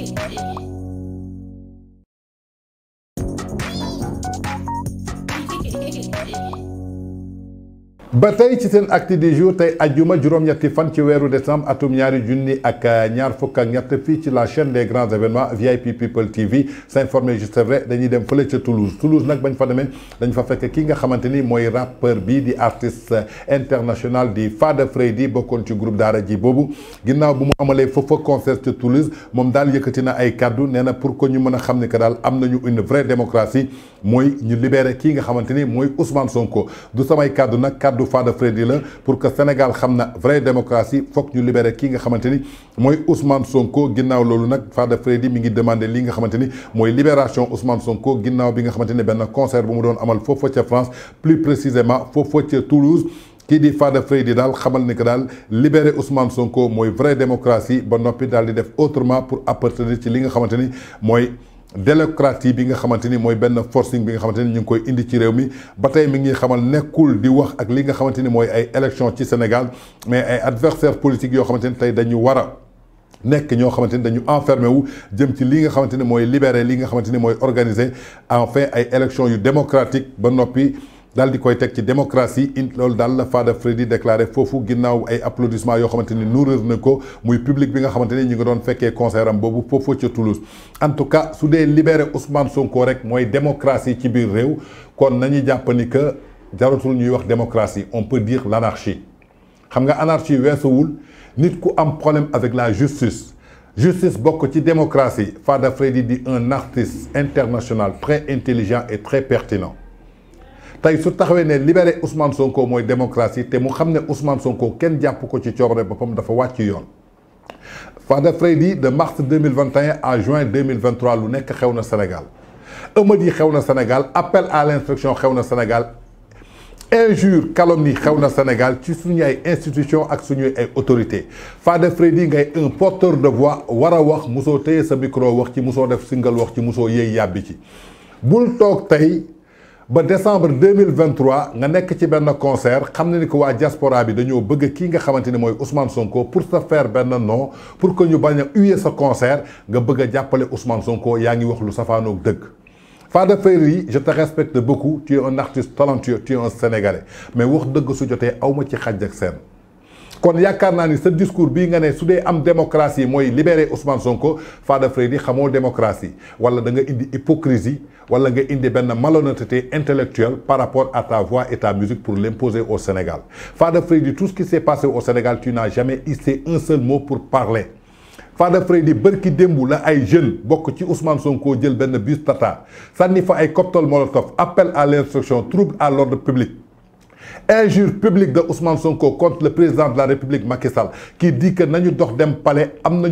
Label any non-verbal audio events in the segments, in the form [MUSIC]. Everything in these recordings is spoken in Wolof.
Thank [LAUGHS] you. Bataille tey ci seen acte du jour tey ajjuma juróom-ñetti fan ci wéru décembre atum ñaari junni ak ñaar fukk ak ñett fii ci la chaîne des grands événements VIP People TV s'informer juste vrai dañuy dem fële ci Toulouse Toulouse pas bañ fa démé dañ fa fekk ki nga xamante moy mooy rappeur bi di artiste international di Fada Freddy bokon ci groupe Dara ji bobu ginnaw bu mu amalee foofa concert de Toulouse mom dal yëkëti na ay kaddu néna pour que ñu mëna a que une vraie démocratie moy ñu libérer ki nga xamante moy Ousmane Sonko du samay cadeau nak kàddu Fada Freddy la pour que Sénégal xamna vraie démocratie fokk ñu libérer ki nga xamanteni moy Ousmane Sonko ginnaw lolu nak Fada Freddy mi ngi demandé li nga xamanteni moy libération Ousmane Sonko ginnaw bi nga xamanteni ben concert bu mu doon amal fofu ci France plus précisément fofu ci Toulouse. qui dit Fada Freddy dal xamal ni que libérer Ousmane Sonko moy vraie démocratie ba nopi dal di def autrement pour appartenir ci li nga xamanteni moy démocratie bi nga xamante ni mooy benn forcing bi nga xamante ni ñu ngi koy indi ci réew mi ba tey mi ngi xamal nekkul di wax ak li nga xamante ni mooy ay élection ci Sénégal mais ay adversaires politiques yoo xamante ni tey dañu war a nekk ñoo xamante ni dañu enfermé wu jëm ci li nga xamante ni mooy libéré li nga xamante ni mooy organisé enfin ay élection yu démocratique ba noppi. Dans di koy tek ci démocratie lool dal la Fada déclaré fofu ginnaw ay applaudissement na public bi nga Toulouse. en tout cas su on libéré Ousmane Sonko rek la démocratie ci biir réew kon nañu que démocratie on peut dire l'anarchie. xam nga anarchie nit ku problème avec la justice. Justice ci démocratie Fada Freddy un artiste international très intelligent et très pertinent tay su taxawé libéré Ousmane Sonko moy démocratie té mu xamné Ousmane Sonko kenn japp ko ci coobare bopam dafa wàcc yoon. Fadé Freddy de mars 2021 à juin 2023 lu nekk xewna Sénégal ëmët xewna Sénégal appel à l'instruction xewna Sénégal injure calomnie xewna Sénégal ci suñu ay institution ak suñuy ay autorité Fadé Freddy ngay un porteur de voix wara wax musoo téye sa micro wax ci musoo def singal wax ci musoo yey yàbbi ci bul tok tay ba décembre 2023 nga nek ci ben concert xam ni ko wa diaspora bi dañu bëgg ki nga xamanteni moy Ousmane Sonko pour se faire ben nom pour que ñu bañ a huer sa concert nga bëgg jappalé Ousmane Sonko yaa ngi wax lu safaanoog deug Fada Ferry je te respecte beaucoup tu es un artiste talentueux tu es un sénégalais mais wax deug su joté awma ci xajjak sen kon yaakaar naa ni sa discours bi nga ne soudé dee am démocratie moy libérer Ousmane Sonko Fada Freddy xamoo démocratie wala da nga indi hypocrisie wala nga indi ben malhonnêteté intellectuelle par rapport à ta voix et ta musique pour l'imposer au Sénégal Fada Freddy tout ce qui s'est passé au Sénégal tu n'as jamais hissé un seul mot pour parler Fada Freddy barki dembou la ay jeune bok ci Ousmane Sonko djel ben bus Tata sànni fa ay cocktail Molotov appel à l'instruction trouble à l'ordre public injure publique de Ousmane Sonko contre le président de la République Macky Sall qui dit que nañu dox dem palais am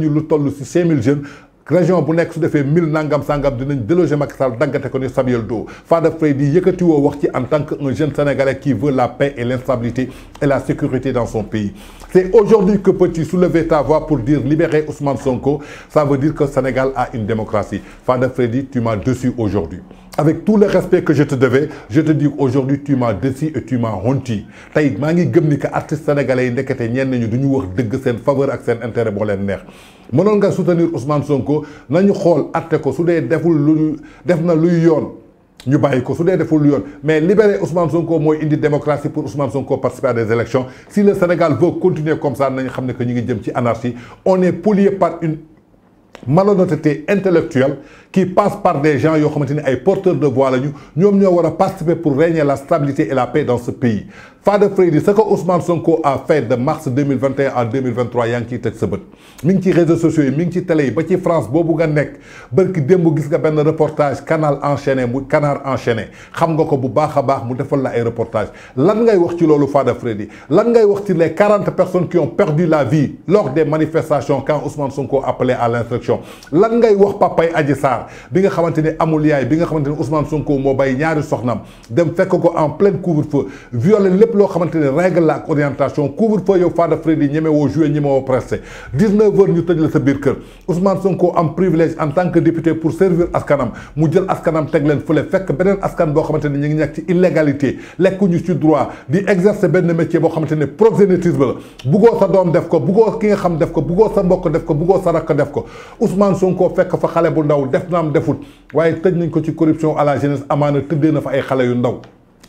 5000 jeunes région bu nek su mille nangam sangam dinañ déloger Macky Sall dans ko ni Samuel Do. Fada Freddy yëkëti wo wax ci en tant que un jeune sénégalais qui veut la paix et l'instabilité et la sécurité dans son pays c'est aujourd'hui que peux-tu soulever ta voix pour dire libérer Ousmane Sonko ça veut dire que le Sénégal a une démocratie Fada Freddy tu m'as dessus aujourd'hui avec tout le respect que je te devais je te dis aujourd'hui tu m'as déçu et tu m'as honti tey mangi ngi gëm ni que artistes sénégalais yi ndekete ñen ñu du wax dëgg seen faveur ak seen intérêt bo leen neex mënoon nga soutenir Ousmane Sonko nañu xol atte ko su dé deful lu def na luy yoon ñu bayiko su dé deful lu yoon mais libérer Ousmane Sonko moy indi démocratie pour Ousmane Sonko participer à des élections si le Sénégal veut continuer comme ça nañu xam que ñu ngi jëm ci anarchie on est pollué par une malhonnêteté intellectuelle qui passe par des gens Qui sont porteurs de voix Nous nous ñoo participer pour régner la stabilité et la paix dans ce pays Fade Freddy ce que Ousmane Sonko a fait de mars 2021 à 2023 Il y a réseaux sociaux Il télé yi ba France boobu nga nekk barki reportages reportage canal enchaîné mu canard enchaîné xam nga ko bu a reportage lan ngay wax ci Fada Freddy lan ngay wax les 40 personnes qui ont perdu la vie lors des manifestations quand Ousmane Sonko appelait à l'instruction élection lan ngay wax papay Adji Sarr bi nga xamante amul yaay bi nga Ousmane Sonko mo bay ñaari soxnam dem fekk ko en pleine couvre-feu violer le lo xamante règle la orientation couvre-feu yow Fada Freddy ñeme wo jouer ñeme woo pressé 19h ñu tëj la sa biir Ousmane Sonko am privilège en tant que député pour servir askanam mu jël askanam teg leen fële fekk benen askan bo xamante ñi ngi ñak ci illégalité lekkuñu ci droit di exercer benn métier bo xamante proxénétisme la buggoo sa doom def ko go ki nga xam def ko go sa mbokk def ko sa def ko Ousmane Sonko fekk fa xale bu ndaw def naam defut waaye tëj nañ ko ci corruption à la jeunesse amaana tëddee na fa ay xale yu ndaw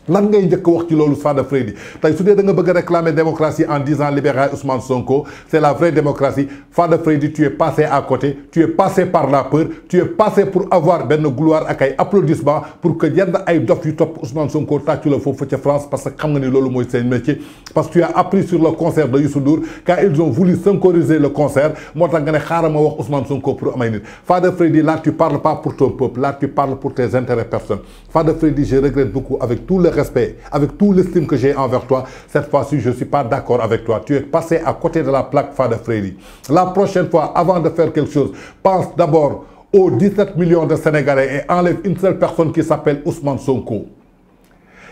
lan ngay njëkk wax ci lolu Sada Freddy Tu as dee da nga bëgg réclamer démocratie en disant libéral, Ousmane Sonko c'est la vraie démocratie Sada Freddy tu es passé à côté tu es passé par la peur tu es passé pour avoir la gloire ak ay applaudissement pour que yenn ay dof yu top Ousmane Sonko tu le fofu en France parce que ni métier parce que tu as appris sur le concert de Youssou quand car ils ont voulu synchroniser le concert Moi, nga ne xaaral wax Ousmane Sonko pour amay nit Freddy là tu parles pas pour ton peuple là tu parles pour tes intérêts personnels Sada Freddy je regrette beaucoup avec tous les respect, avec tout l'estime que j'ai envers toi, cette fois-ci, je ne suis pas d'accord avec toi. Tu es passé à côté de la plaque de La prochaine fois, avant de faire quelque chose, pense d'abord aux 17 millions de Sénégalais et enlève une seule personne qui s'appelle Ousmane Sonko.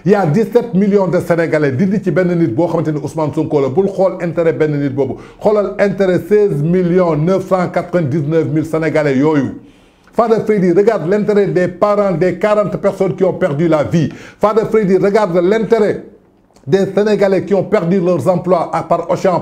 Il y a 17 millions de Sénégalais dindi ci Ousmane Sonko intérêt 16 999 mille Sénégalais Father Freddy, regarde l'intérêt des parents des 40 personnes qui ont perdu la vie. Father Freddy, regarde l'intérêt des Sénégalais qui ont perdu leurs emplois par part euh,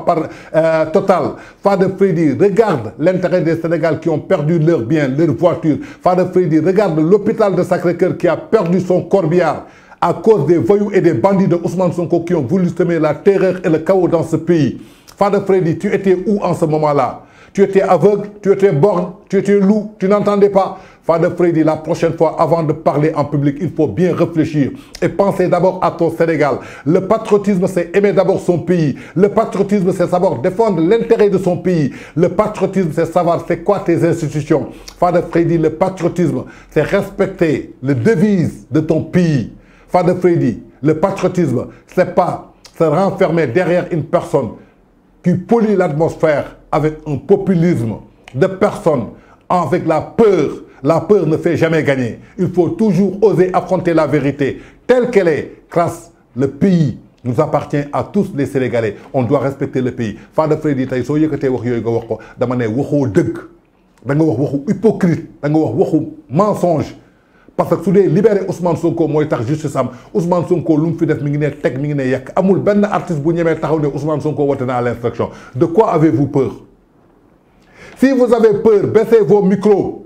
par Total. Father Freddy, regarde l'intérêt des Sénégalais qui ont perdu leurs biens, leurs voitures. Father Freddy, regarde l'hôpital de Sacré-Cœur qui a perdu son corbillard à cause des voyous et des bandits de Ousmane Sonko qui ont voulu semer la terreur et le chaos dans ce pays. Father Freddy, tu étais où en ce moment-là Tu étais aveugle, tu étais borgne, tu étais loup, tu n'entendais pas. Father Freddy, la prochaine fois, avant de parler en public, il faut bien réfléchir et penser d'abord à ton Sénégal. Le patriotisme, c'est aimer d'abord son pays. Le patriotisme, c'est savoir défendre l'intérêt de son pays. Le patriotisme, c'est savoir c'est quoi tes institutions. Father Freddy, le patriotisme, c'est respecter les devise de ton pays. Father Freddy, le patriotisme, c'est pas se renfermer derrière une personne qui pollue l'atmosphère avec un populisme de personnes, avec la peur. La peur ne fait jamais gagner. Il faut toujours oser affronter la vérité telle qu'elle est. Classe, le pays nous appartient à tous les Sénégalais. On doit respecter le pays. de Freddy hypocrite mensonge parce que su libérer Ousmane Sonko moy tax juste am Ousmane Sonko lu mu fi def mi ngi ne tek mi ngi ne yak amul ben artiste bu ñëmé taxaw né Ousmane Sonko woote na l'instruction de quoi avez-vous peur si vous avez peur baissez vos micros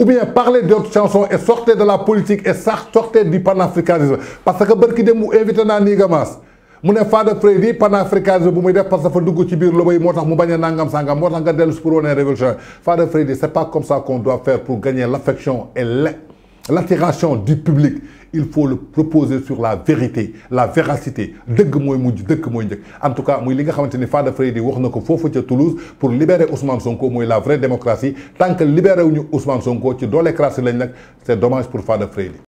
ou bien parlez d'autres chansons et sortez de la politique et sortez du panafricanisme parce que barki dem mu invité naa nii gamaas mu ne Fada Freddy panafricanisme bu muy def parce que dafa dugg ci bir loba motax mu bañ nangam sangam motax nga delu pour une révolution Fada Freddy c'est pas comme ça qu'on doit faire pour gagner l'affection et l' L'attiration du public il faut le proposer sur la vérité la véracité En tout cas, faut en tout cas muy li nga xamante Fada Freddy wax Toulouse pour libérer Ousmane Sonko c'est la vraie démocratie tant que libérer Ousmane Sonko dans les classes c'est dommage pour Fada Freddy